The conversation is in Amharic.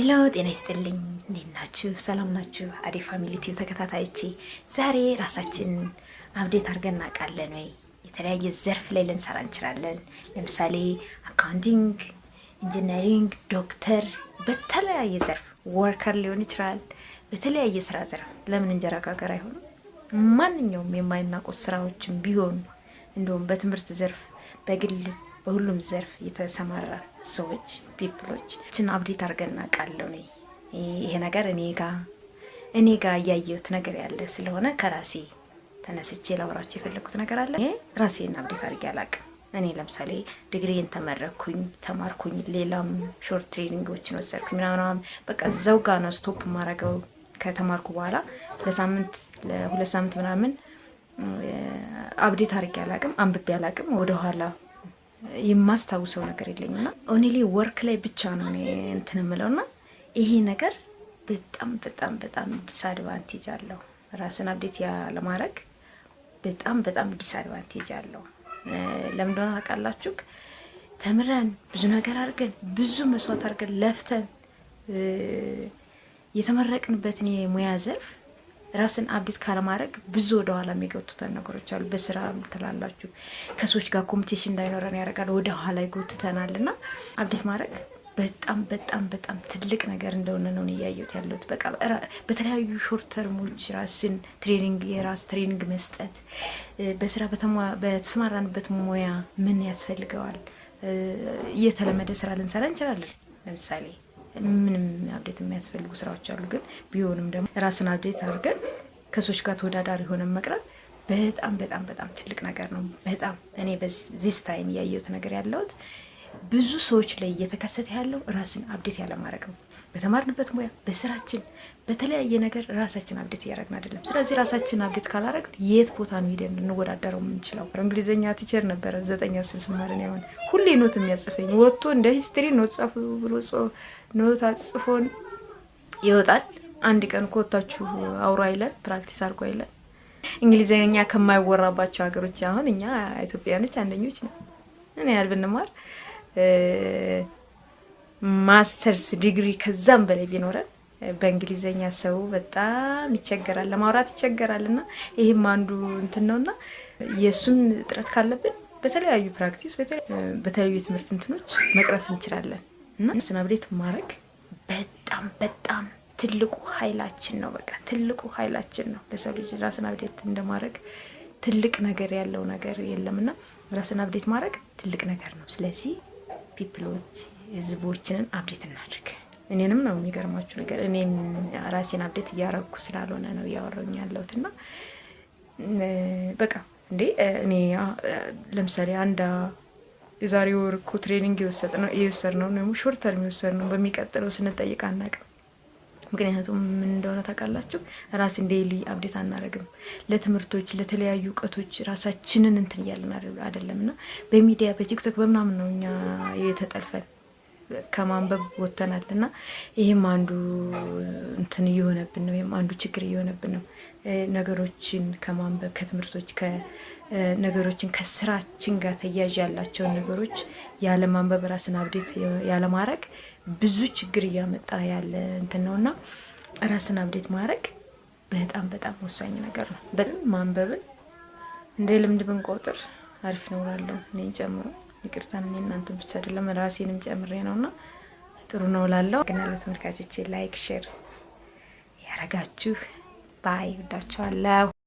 ሄሎ ጤና ይስጥልኝ። እንዴት ናችሁ? ሰላም ናችሁ? አዴ ፋሚሊ ቲቪ ተከታታዮቼ ዛሬ ራሳችንን አብዴት አድርገን እናውቃለን ወይ? የተለያየ ዘርፍ ላይ ልንሰራ እንችላለን። ለምሳሌ አካውንቲንግ፣ ኢንጂነሪንግ፣ ዶክተር፣ በተለያየ ዘርፍ ወርከር ሊሆን ይችላል። በተለያየ ስራ ዘርፍ ለምን እንጀራ ጋገር አይሆንም? ማንኛውም የማይናቁት ስራዎችን ቢሆን እንዲሁም በትምህርት ዘርፍ በግል በሁሉም ዘርፍ የተሰማራ ሰዎች ፒፕሎች ችን አብዴት አድርገን ነ ይሄ ነገር እኔ ጋ እኔ ጋ እያየሁት ነገር ያለ ስለሆነ ከራሴ ተነስቼ ላውራቸው የፈለግኩት ነገር አለ። ይሄ ራሴን አብዴት አድርጌ አላውቅም። እኔ ለምሳሌ ዲግሪን ተመረኩኝ ተማርኩኝ፣ ሌላም ሾርት ትሬኒንጎችን ወሰድኩኝ ምናምናም በቃ እዛው ጋ ነው ስቶፕ ማረገው። ከተማርኩ በኋላ ለሳምንት ለሁለት ሳምንት ምናምን አብዴት አድርጌ አላውቅም፣ አንብቤ ያላቅም ወደኋላ የማስታውሰው ነገር የለኝና ኦኔሌ ወርክ ላይ ብቻ ነው እንትን የምለውና ይሄ ነገር በጣም በጣም በጣም ዲስአድቫንቴጅ አለው። ራስን አብዴት ለማድረግ በጣም በጣም ዲስአድቫንቴጅ አለው። ለምንደሆነ ታውቃላችሁ? ተምረን ብዙ ነገር አድርገን ብዙ መስዋዕት አድርገን ለፍተን የተመረቅንበትን የሙያ ዘርፍ ራስን አብዴት ካለማድረግ ብዙ ወደኋላ የሚጎትተን ነገሮች አሉ። በስራ ትላላችሁ ከሰዎች ጋር ኮምፒቴሽን እንዳይኖረን ያደርጋል፣ ወደኋላ ይጎትተናል። እና አብዴት ማድረግ በጣም በጣም በጣም ትልቅ ነገር እንደሆነ ነው እያየሁት ያለሁት። በቃ በተለያዩ ሾርት ተርሞች ራስን ትሬኒንግ የራስ ትሬኒንግ መስጠት፣ በስራ በተሰማራንበት ሙያ ምን ያስፈልገዋል። እየተለመደ ስራ ልንሰራ እንችላለን። ለምሳሌ ምንም አብዴት የሚያስፈልጉ ስራዎች አሉ። ግን ቢሆንም ደግሞ ራስን አብዴት አድርገን ከሰዎች ጋር ተወዳዳሪ የሆነ መቅረብ በጣም በጣም በጣም ትልቅ ነገር ነው። በጣም እኔ በዚስ ታይም ያየሁት ነገር ያለሁት ብዙ ሰዎች ላይ እየተከሰተ ያለው ራስን አብዴት ያለማድረግ ነው። በተማርንበት ሙያ፣ በስራችን፣ በተለያየ ነገር ራሳችን አብዴት እያደረግን አይደለም። ስለዚህ ራሳችን አብዴት ካላደረግን የት ቦታ ነው ሄደን እንወዳደረው የምንችለው? እንግሊዝኛ ቲቸር ነበረ ዘጠኝ አስር ስማርን ያሆን ሁሌ ኖት የሚያጽፈኝ ወጥቶ እንደ ሂስትሪ ኖት ጻፉ ብሎ ኖት አጽፎን ይወጣል አንድ ቀን ኮታችሁ አውሮ አይለን ፕራክቲስ አርጎ አይለን። እንግሊዝኛ ከማይወራባቸው ሀገሮች አሁን እኛ ኢትዮጵያኖች አንደኞች ነው። እኔ ያህል ብንማር ማስተርስ ዲግሪ ከዛም በላይ ቢኖረን በእንግሊዝኛ ሰው በጣም ይቸገራል፣ ለማውራት ይቸገራል። እና ይህም አንዱ እንትን ነው እና የእሱም እጥረት ካለብን በተለያዩ ፕራክቲስ በተለያዩ የትምህርት እንትኖች መቅረፍ እንችላለን እና ስናብሌት ማድረግ በጣም በጣም ትልቁ ኃይላችን ነው። በቃ ትልቁ ኃይላችን ነው። ለሰው ልጅ ራስን አብዴት እንደማድረግ ትልቅ ነገር ያለው ነገር የለምና ራስን አብዴት ማድረግ ትልቅ ነገር ነው። ስለዚህ ፒፕሎች ህዝቦችንን አብዴት እናድርግ። እኔንም ነው የሚገርማችሁ ነገር እኔም ራሴን አብዴት እያረግኩ ስላልሆነ ነው እያወረኝ ያለሁት እና በቃ እንዴ እኔ ለምሳሌ አንድ የዛሬ ወር እኮ ትሬኒንግ የወሰድ ነው የወሰድ ነው ሾርት ተርም የወሰድ ነው በሚቀጥለው ስንጠይቅ አናውቅም ምክንያቱም ምን እንደሆነ ታውቃላችሁ፣ ራስን ዴይሊ አብዴት አናደርግም። ለትምህርቶች ለተለያዩ እውቀቶች ራሳችንን እንትን እያለን አይደለም እና በሚዲያ በቲክቶክ በምናምን ነው እኛ የተጠልፈን ከማንበብ ወጥተናል። እና ይህም አንዱ እንትን እየሆነብን ነው፣ ይህም አንዱ ችግር እየሆነብን ነው። ነገሮችን ከማንበብ ከትምህርቶች ነገሮችን ከስራችን ጋር ተያያዥ ያላቸውን ነገሮች ያለማንበብ ራስን አብዴት ያለማድረግ ብዙ ችግር እያመጣ ያለ እንትን ነው እና ራስን አብዴት ማድረግ በጣም በጣም ወሳኝ ነገር ነው። በጣም ማንበብን እንደ ልምድ ብንቆጥር አሪፍ ነው እላለሁ። እኔን ጨምሮ ይቅርታ፣ እኔ እናንተን ብቻ አይደለም ራሴንም ጨምሬ ነው እና ጥሩ ነው ላለው ግን ያለ ተመልካቾቼ ላይክ፣ ሼር ያረጋችሁ ባይ ወዳችኋለሁ።